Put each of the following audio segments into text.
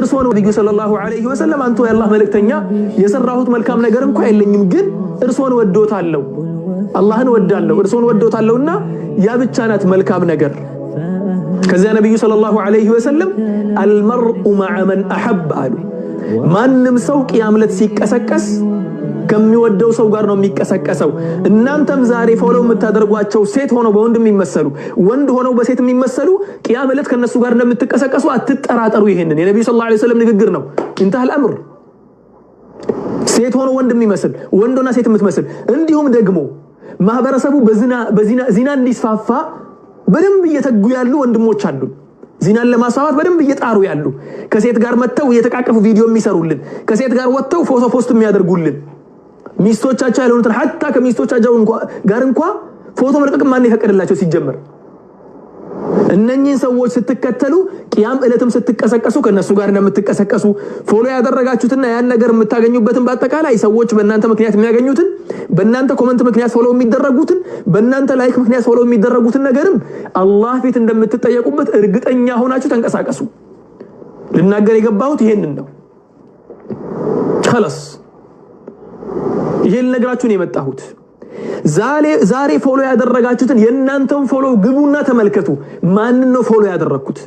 እርስዎ ነው ነቢዩ ሰለላሁ ዐለይሂ ወሰለም አንተ የአላህ መልእክተኛ፣ የሰራሁት መልካም ነገር እንኳ የለኝም፣ ግን እርስዎን ወዶታለሁ፣ አላህን ወዳለሁ፣ እርስዎን ወዶታለሁና ያ ብቻ ናት መልካም ነገር። ከዚያ ነቢዩ ሰለላሁ ዐለይሂ ወሰለም አልመርኡ መዐ መን አሐብ አሉ። ማንም ሰው ቅያም ዕለት ሲቀሰቀስ ከሚወደው ሰው ጋር ነው የሚቀሰቀሰው። እናንተም ዛሬ ፎሎ የምታደርጓቸው ሴት ሆነው በወንድ የሚመሰሉ ወንድ ሆነው በሴት የሚመሰሉ ቅያም ዕለት ከነሱ ጋር እንደምትቀሰቀሱ አትጠራጠሩ። ይሄንን የነቢዩ ሰለላሁ ዐለይሂ ወሰለም ንግግር ነው። እንታህል አምር ሴት ሆኖ ወንድ የሚመስል ወንድ ሆና ሴት የምትመስል እንዲሁም ደግሞ ማህበረሰቡ ዚና እንዲስፋፋ በደንብ እየተጉ ያሉ ወንድሞች አሉ ዚናን ለማስፋፋት በደንብ እየጣሩ ያሉ ከሴት ጋር መጥተው እየተቃቀፉ ቪዲዮ የሚሰሩልን ከሴት ጋር ወጥተው ፎቶ ፖስት የሚያደርጉልን ሚስቶቻቸው ያልሆኑትን ሀታ ከሚስቶቻቸው ጋር እንኳ ፎቶ መልቀቅ ማን የፈቀደላቸው ሲጀመር? እነኚህን ሰዎች ስትከተሉ ቅያም እለትም ስትቀሰቀሱ ከእነሱ ጋር እንደምትቀሰቀሱ ፎሎ ያደረጋችሁትና ያን ነገር የምታገኙበትን በአጠቃላይ ሰዎች በእናንተ ምክንያት የሚያገኙትን በእናንተ ኮመንት ምክንያት ፎሎ የሚደረጉትን በእናንተ ላይክ ምክንያት ፎሎ የሚደረጉትን ነገርም አላህ ፊት እንደምትጠየቁበት እርግጠኛ ሆናችሁ ተንቀሳቀሱ። ልናገር የገባሁት ይሄንን ነው። ከለስ ይሄን ነግራችሁ ነው የመጣሁት። ዛሬ ፎሎ ያደረጋችሁትን የእናንተን ፎሎ ግቡና ተመልከቱ። ማንን ነው ፎሎ ያደረግኩት?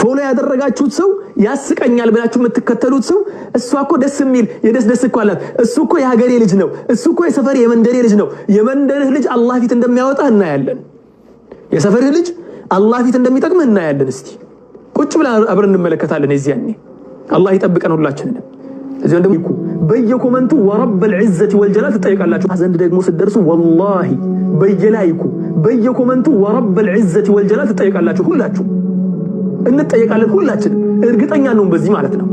ፎሎ ያደረጋችሁት ሰው ያስቀኛል ብላችሁ የምትከተሉት ሰው እሷ እኮ ደስ የሚል የደስ ደስ እኮ አላት፣ እሱ እኮ የሀገሬ ልጅ ነው፣ እሱ እኮ የሰፈር የመንደሬ ልጅ ነው። የመንደርህ ልጅ አላህ ፊት እንደሚያወጣ እናያለን። የሰፈርህ ልጅ አላህ ፊት እንደሚጠቅምህ እናያለን። እስቲ ቁጭ ብላ አብረን እንመለከታለን። የዚያኔ አላህ ይጠብቀን ሁላችንን። በየኮመንቱ ወረብ ዒዘቲ ወልጀላል ትጠይቃላችሁ። ዘንድ ደግሞ ስትደርሱ ወላሂ በየላይኩ በየኮመንቱ ወረበል ዒዘቲ ወልጀላል ትጠይቃላችሁ። ሁላችሁ እንጠየቃለን። ሁላችንም እርግጠኛ ነውም በዚህ ማለት ነው።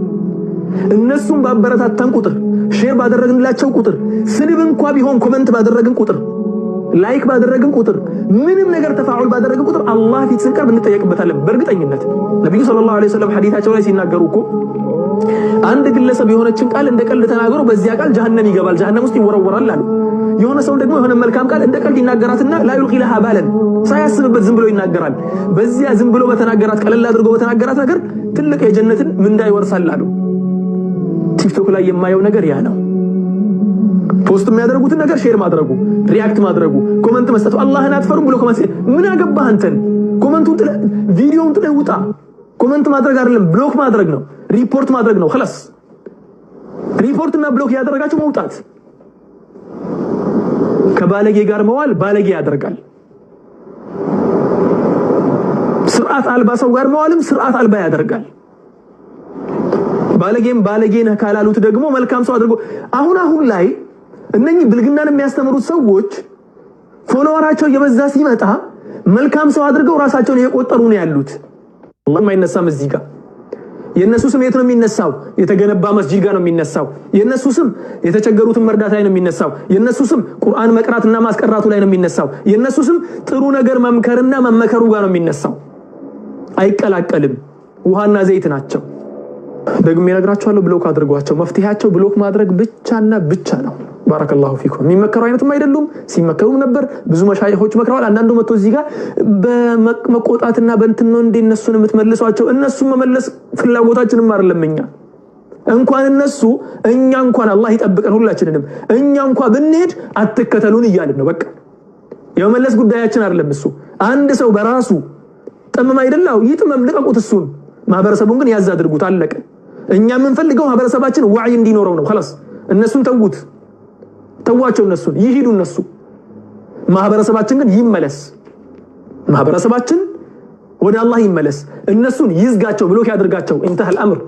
እነሱም ባበረታታን ቁጥር ሼር ባደረግንላቸው ቁጥር ስድብ እንኳ ቢሆን ኮመንት ባደረግን ቁጥር ላይክ ባደረግን ቁጥር ምንም ነገር ተፋዑል ባደረግን ቁጥር አላህ ፊት ስንቀርብ እንጠየቅበታለን በእርግጠኝነት። ነቢዩ ሰለላሁ ዐለይሂ ወሰለም ሐዲታቸው ላይ ሲናገሩ እኮ አንድ ግለሰብ የሆነችን ቃል እንደ ቀልድ ተናግሮ በዚያ ቃል ጀሀነም ይገባል፣ ጀሀነም ውስጥ ይወረወራል አሉ። የሆነ ሰው ደግሞ የሆነ መልካም ቃል እንደ ቀልድ ይናገራትና ላ ዩልቂ ለሃ ባለን ሳያስብበት ዝም ብሎ ይናገራል። በዚያ ዝም ብሎ በተናገራት ቀለል አድርጎ በተናገራት ነገር ትልቅ የጀነትን ምንዳ ይወርሳል አሉ። ቲክቶክ ላይ የማየው ነገር ያ ነው። ፖስት የሚያደርጉትን ነገር ሼር ማድረጉ፣ ሪያክት ማድረጉ፣ ኮመንት መስጠቱ አላህን አትፈሩም ብሎ ኮመንት ምን አገባህ አንተን? ኮመንቱን ጥለ ቪዲዮውን ጥለ ውጣ። ኮመንት ማድረግ አይደለም ብሎክ ማድረግ ነው፣ ሪፖርት ማድረግ ነው። خلاص ሪፖርት እና ብሎክ ያደረጋችሁ መውጣት። ከባለጌ ጋር መዋል ባለጌ ያደርጋል። ስርዓት አልባ ሰው ጋር መዋልም ስርዓት አልባ ያደርጋል። ባለጌም ባለጌ ነህ ካላሉት ደግሞ መልካም ሰው አድርጎ አሁን አሁን ላይ እነኚህ ብልግናን የሚያስተምሩት ሰዎች ፎሎወራቸው የበዛ ሲመጣ መልካም ሰው አድርገው ራሳቸውን እየቆጠሩ ነው ያሉት። አላህም አይነሳም እዚህ ጋር የእነሱ ስም የት ነው የሚነሳው? የተገነባ መስጂድ ጋር ነው የሚነሳው። የእነሱ ስም የተቸገሩትን መርዳት ላይ ነው የሚነሳው። የእነሱ ስም ቁርአን መቅራትና ማስቀራቱ ላይ ነው የሚነሳው። የእነሱ ስም ጥሩ ነገር መምከርና መመከሩ ጋር ነው የሚነሳው። አይቀላቀልም። ውሃና ዘይት ናቸው። ደግሞ ይነግራቸዋለሁ። ብሎክ አድርጓቸው። መፍትሄያቸው ብሎክ ማድረግ ብቻና ብቻ ነው። ባረከላሁ ፊኩም። የሚመከሩ አይነትም አይደሉም። ሲመከሩም ነበር። ብዙ መሻይሆች መክረዋል። አንዳንዱ መጥቶ እዚህ ጋር በመቆጣትና በእንትን ነው እንዴ እነሱን የምትመልሷቸው? እነሱን መመለስ ፍላጎታችንም አይደለም። እኛ እንኳን እነሱ እኛ እንኳን አላህ ይጠብቀን ሁላችንንም። እኛ እንኳ ብንሄድ አትከተሉን እያልን ነው። በቃ የመመለስ ጉዳያችን አይደለም እሱ። አንድ ሰው በራሱ ጥምም አይደላው ይጥመም፣ ልቀቁት እሱን። ማህበረሰቡን ግን ያዝ አድርጉት። እኛ የምንፈልገው ማህበረሰባችን ዋዕይ እንዲኖረው ነው። ላስ እነሱን ተዉት፣ ተዋቸው፣ እነሱን ይሂዱ እነሱ። ማህበረሰባችን ግን ይመለስ፣ ማህበረሰባችን ወደ አላህ ይመለስ፣ እነሱን ይዝጋቸው፣ ብሎክ ያድርጋቸው። ኢንተሃል አምር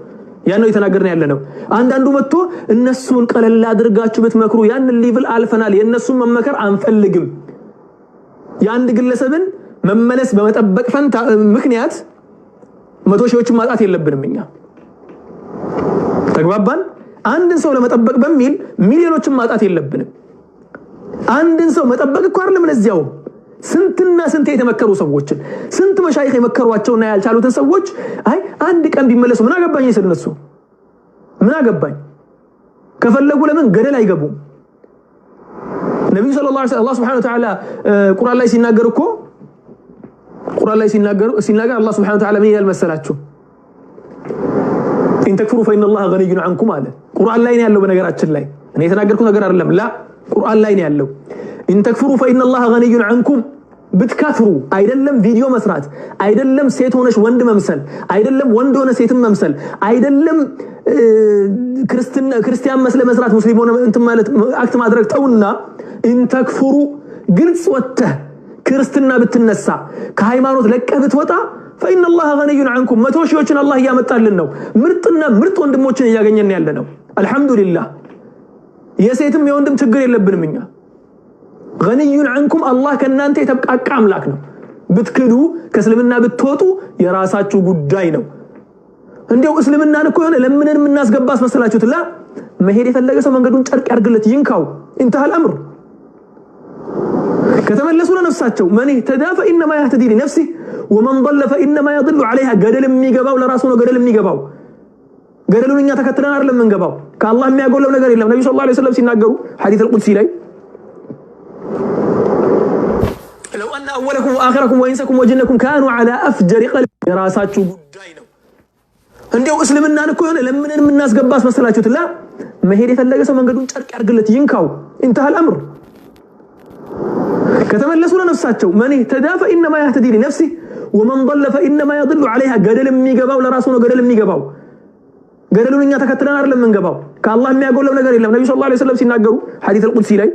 ያን ነው የተናገርን ያለ ነው። አንዳንዱ መጥቶ እነሱን ቀለል አድርጋችሁ ብትመክሩ ያን ሊቭል አልፈናል፣ የእነሱን መመከር አንፈልግም። የአንድ ግለሰብን መመለስ በመጠበቅ ፈንታ ምክንያት መቶ ሺዎችን ማጣት የለብንም እኛ ተግባባን። አንድን ሰው ለመጠበቅ በሚል ሚሊዮኖችን ማጣት የለብንም። አንድን ሰው መጠበቅ እኮ አይደለም ለዚያውም ስንትና ስንት የተመከሩ ሰዎችን ስንት መሻይክ የመከሯቸውና ያልቻሉትን ሰዎች አይ አንድ ቀን ቢመለሱ ምን አገባኝ ስል ምን አገባኝ ከፈለጉ ለምን ገደል አይገቡም? ነቢዩ ሰለላሁ ዐለይሂ ወሰለም ሱብሓነሁ ወተዓላ ቁርአን ላይ ሲናገር እኮ ቁርአን ላይ ሲናገር አላህ ሱብሓነሁ ወተዓላ ምን ይላል መሰላችሁ? ኢንተክፍሩ ፈኢነላህ ገኒዩን አንኩም አለ። ቁርአን ላይ ነው ያለው። በነገራችን ላይ እኔ የተናገርኩት ነገር አይደለም። ላ ቁርአን ላይ ነው ያለው። ኢንተክፍሩ ፈኢነላህ ገኒዩን አንኩም ብትከፍሩ አይደለም ቪዲዮ መስራት አይደለም ሴት ሆነች ወንድ መምሰል አይደለም ወንድ ሆነ ሴትን መምሰል አይደለም ክርስቲያን መስለ መስራት ሙስሊም ሆነ እንትን ማለት አክት ማድረግ ተውና፣ ኢንተክፍሩ ግልጽ ወጥተህ ክርስትና ብትነሳ ከሃይማኖት ለቀህ ብትወጣ ፈኢነ ላህ ገኒዩን አንኩም። መቶ ሺዎችን አላህ እያመጣልን ነው። ምርጥና ምርጥ ወንድሞችን እያገኘን ያለ ነው። አልሐምዱሊላህ የሴትም የወንድም ችግር የለብንም እኛ። ገኒዩን አንኩም፣ አላህ ከእናንተ የተብቃቃ አምላክ ነው። ብትክዱ ከእስልምና ብትወጡ የራሳችሁ ጉዳይ ነው። እንዲው እስልምናን እኮ የሆነ ለምንን የምናስገባ አስመሰላችሁት። ላ መሄድ የፈለገ ሰው መንገዱን ጨርቅ ያርግለት ይንካው። ኢንተሃል አምር ከተመለሱ ለነፍሳቸው መን ተዳ ፈኢነማ ያህተዲ ሊነፍሲህ ومن ضل فإنما يضل عليها قدل مي قباو لراسه قدل مي قباو قدل مي تكترنا نار لمن قباو كالله ما يقول لنا قريلا النبي صلى الله عليه وسلم سيناقروا حديث القدسي لي لو أن أولكم وآخركم وإنسكم وجنكم كانوا على أفجر قلب دراسات شو عندي أسلم النار كون لما من الناس قباس مسألة شو تلا ما هي ريت اللقى سمع قدون شرك أرجلت ينكاو انتهى الأمر كتم اللسون من اهتدى فإنما يهتدي لنفسه ومن ضل فإنما يضل عليها قدل مي قباو لراسونه قدل مي قباو قدلون إنيا تكتلنا أرلم من قباو كالله مي أقول لنا قريلا نبي صلى الله عليه وسلم سيناقروا حديث القدسي لي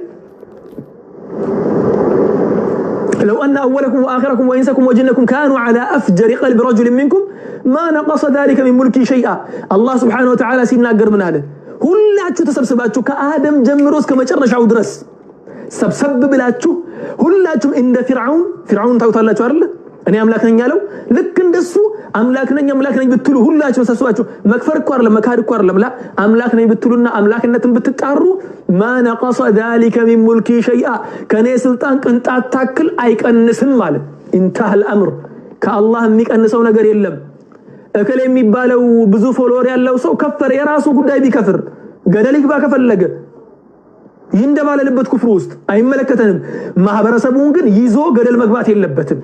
لو أن أولكم وآخركم وإنسكم وجنكم كانوا على أفجر قلب رجل منكم ما نقص ذلك من ملكي شيئا الله سبحانه وتعالى سيدنا سيناقر من هذا هل أتشو تسبسباتشو كآدم جمروس كما شرنش عود رس سبسب بلاتشو هل أتشو إن فرعون فرعون تقول الله እኔ አምላክ ነኝ ያለው ልክ እንደሱ አምላክ ነኝ አምላክ ነኝ ብትሉ ሁላችሁ ተሰብስባችሁ መክፈር እኮ አይደለም መካድ እኮ አይደለም። አምላክ ነኝ ብትሉና አምላክነትን ብትጣሩ ማ ነቀሰ ሚን ሙልኪ ሸይአ ከኔ ስልጣን ቅንጣት ታክል አይቀንስም ማለት ኢንተህ አምር ከአላህ የሚቀንሰው ነገር የለም። እክል የሚባለው ብዙ ፎሎወር ያለው ሰው ከፈረ፣ የራሱ ጉዳይ ቢከፍር ገደል ይግባ ከፈለገ ይንደባለልበት ክፍሩ ውስጥ አይመለከተንም። ማህበረሰቡን ግን ይዞ ገደል መግባት የለበትም።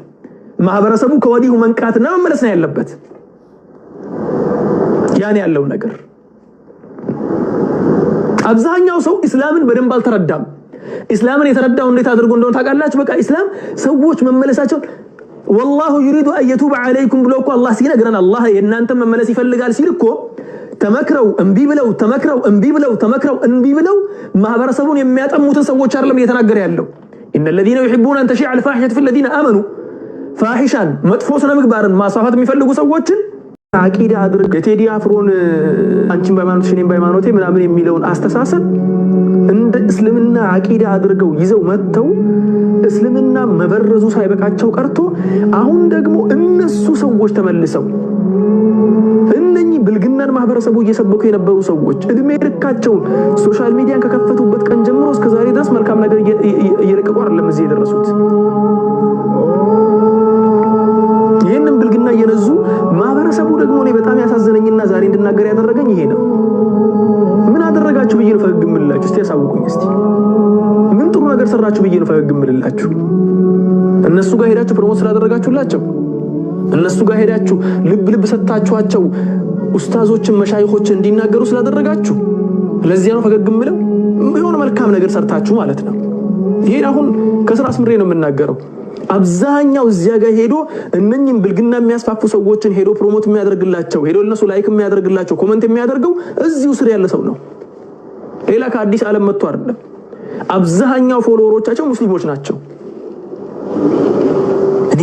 ማህበረሰቡ ከወዲሁ መንቃትና መመለስ ነው ያለበት። ያን ያለው ነገር አብዛኛው ሰው ኢስላምን በደንብ አልተረዳም። ኢስላምን የተረዳው እንዴት አድርጎ እንደሆነ ታውቃላችሁ? በቃ ኢስላም ሰዎች መመለሳቸውን ወላሁ ዩሪዱ አየቱበ አለይኩም ብሎ እኮ አላህ ሲነግረን አላህ የእናንተ መመለስ ይፈልጋል ሲል እኮ ተመክረው እምቢ ብለው ተመክረው እምቢ ብለው ተመክረው እምቢ ብለው ማህበረሰቡን የሚያጠሙትን ሰዎች አይደለም እየተናገረ ያለው ኢነ ለዚነ ዩሒቡን አን አልፋሒሸቱ ፊ ለዚነ አመኑ ፋሒሻን መጥፎ ስነ ምግባርን ማስፋፋት የሚፈልጉ ሰዎችን አቂዳ አድርግ የቴዲ አፍሮን አንቺን በሃይማኖት ሽኔን በሃይማኖቴ ምናምን የሚለውን አስተሳሰብ እንደ እስልምና አቂዳ አድርገው ይዘው መጥተው እስልምና መበረዙ ሳይበቃቸው ቀርቶ አሁን ደግሞ እነሱ ሰዎች ተመልሰው እነኚህ ብልግናን ማህበረሰቡ እየሰበኩ የነበሩ ሰዎች እድሜ ልካቸውን ሶሻል ሚዲያን ከከፈቱበት ቀን ጀምሮ እስከዛሬ ድረስ መልካም ነገር እየለቀቁ አይደለም እዚህ የደረሱት። እንድናገር ያደረገኝ ይሄ ነው። ምን አደረጋችሁ ብዬ ነው ፈገግ የምልላችሁ? እስቲ ያሳውቁኝ። እስቲ ምን ጥሩ ነገር ሰራችሁ ብዬ ነው ፈገግ የምልላችሁ? እነሱ ጋር ሄዳችሁ ፕሮሞት ስላደረጋችሁላቸው፣ እነሱ ጋር ሄዳችሁ ልብ ልብ ሰጥታችኋቸው ኡስታዞችን መሻይኾችን እንዲናገሩ ስላደረጋችሁ ለዚያ ነው ፈገግ የምለው። የሆነ መልካም ነገር ሰርታችሁ ማለት ነው። ይሄን አሁን ከስራ አስምሬ ነው የምናገረው። አብዛኛው እዚያ ጋር ሄዶ እነኝም ብልግና የሚያስፋፉ ሰዎችን ሄዶ ፕሮሞት የሚያደርግላቸው ሄዶ ለነሱ ላይክ የሚያደርግላቸው ኮመንት የሚያደርገው እዚሁ ስር ያለ ሰው ነው። ሌላ ከአዲስ ዓለም መጥቶ አይደለም። አብዛኛው ፎሎወሮቻቸው ሙስሊሞች ናቸው። እኔ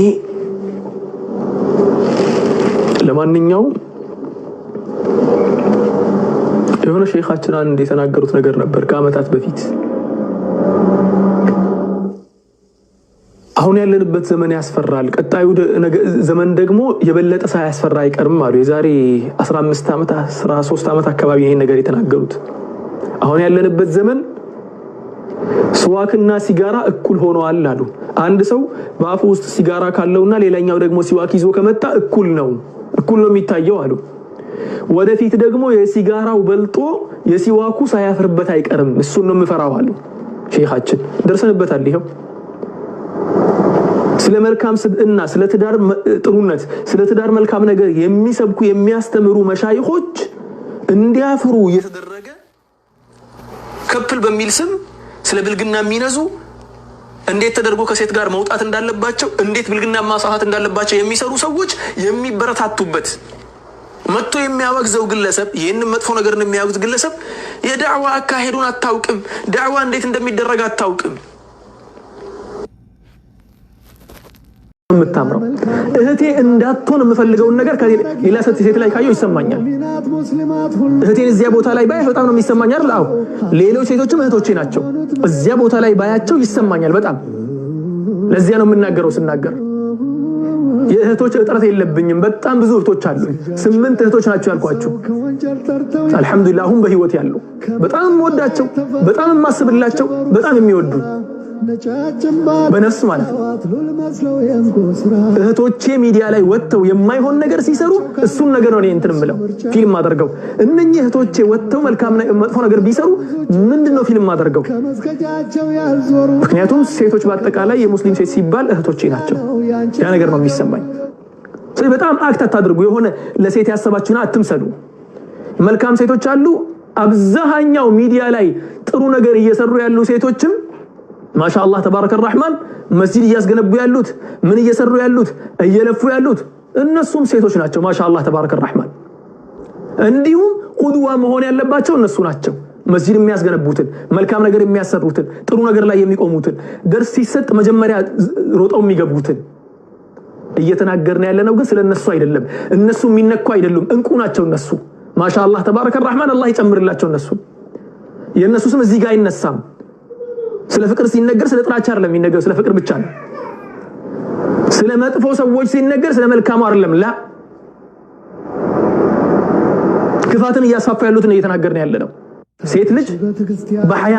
ለማንኛውም የሆነ ሼኻችን አንድ የተናገሩት ነገር ነበር ከአመታት በፊት አሁን ያለንበት ዘመን ያስፈራል፣ ቀጣዩ ዘመን ደግሞ የበለጠ ሳያስፈራ አይቀርም አሉ። የዛሬ 15 ዓመት 13 ዓመት አካባቢ ይሄን ነገር የተናገሩት። አሁን ያለንበት ዘመን ስዋክና ሲጋራ እኩል ሆነዋል አሉ። አንድ ሰው በአፉ ውስጥ ሲጋራ ካለውና ሌላኛው ደግሞ ሲዋክ ይዞ ከመጣ እኩል ነው እኩል ነው የሚታየው አሉ። ወደፊት ደግሞ የሲጋራው በልጦ የሲዋኩ ሳያፍርበት አይቀርም። እሱን ነው የምፈራው አሉ ሼኻችን። ደርሰንበታል ይኸው ስለ መልካም ስብዕና፣ ስለ ትዳር ጥሩነት፣ ስለ ትዳር መልካም ነገር የሚሰብኩ የሚያስተምሩ መሻይኾች እንዲያፍሩ እየተደረገ ከፕል በሚል ስም ስለ ብልግና የሚነዙ እንዴት ተደርጎ ከሴት ጋር መውጣት እንዳለባቸው እንዴት ብልግና ማሳሀት እንዳለባቸው የሚሰሩ ሰዎች የሚበረታቱበት መጥቶ የሚያወግዘው ግለሰብ ይህንን መጥፎ ነገርን የሚያወግዝ ግለሰብ የዳዕዋ አካሄዱን አታውቅም። ዳዕዋ እንዴት እንደሚደረግ አታውቅም። የምታምረው እህቴ እንዳትሆን የምፈልገውን ነገር ሌላ ሴት ላይ ካየው ይሰማኛል። እህቴን እዚያ ቦታ ላይ ባያት በጣም ነው የሚሰማኝ አይደል? አዎ፣ ሌሎች ሴቶችም እህቶቼ ናቸው። እዚያ ቦታ ላይ ባያቸው ይሰማኛል በጣም። ለዚያ ነው የምናገረው ስናገር የእህቶች እጥረት የለብኝም። በጣም ብዙ እህቶች አሉ። ስምንት እህቶች ናቸው አልኳቸው አልሐምዱሊላህ አሁን በህይወት ያሉ በጣም የምወዳቸው፣ በጣም የማስብላቸው፣ በጣም የሚወዱ በነሱ ማለት እህቶቼ ሚዲያ ላይ ወጥተው የማይሆን ነገር ሲሰሩ እሱን ነገር ነው እንትን የምለው ፊልም አደርገው። እነኚህ እህቶቼ ወጥተው መልካም መጥፎ ነገር ቢሰሩ ምንድን ነው ፊልም አደርገው? ምክንያቱም ሴቶች በአጠቃላይ የሙስሊም ሴት ሲባል እህቶቼ ናቸው። ያ ነገር ነው የሚሰማኝ። ስለዚህ በጣም አክት አታድርጉ። የሆነ ለሴት ያሰባችሁን አትምሰሉ። መልካም ሴቶች አሉ። አብዛኛው ሚዲያ ላይ ጥሩ ነገር እየሰሩ ያሉ ሴቶችም ማሻአላህ ተባረከ ራህማን መስጂድ እያስገነቡ ያሉት ምን እየሰሩ ያሉት እየለፉ ያሉት እነሱም ሴቶች ናቸው። ማሻአላህ ተባረከ ራህማን እንዲሁም ቁድዋ መሆን ያለባቸው እነሱ ናቸው። መስጂድ የሚያስገነቡትን መልካም ነገር የሚያሰሩትን ጥሩ ነገር ላይ የሚቆሙትን ደርስ ሲሰጥ መጀመሪያ ሮጠው የሚገቡትን እየተናገርን ያለነው ግን ስለ እነሱ አይደለም። እነሱ የሚነኩ አይደሉም። እንቁ ናቸው እነሱ። ማሻአላህ ተባረከ ራህማን አላህ ይጨምርላቸው። እነሱ የእነሱ ስም እዚህ ጋር አይነሳም። ስለ ፍቅር ሲነገር ስለ ጥላቻ አይደለም የሚነገር፣ ስለ ፍቅር ብቻ ነው። ስለ መጥፎ ሰዎች ሲነገር ስለ መልካሙ አይደለም። ላ ክፋትን እያሳፋ ያሉትን እየተናገርን ያለ ነው። ሴት ልጅ በሀያ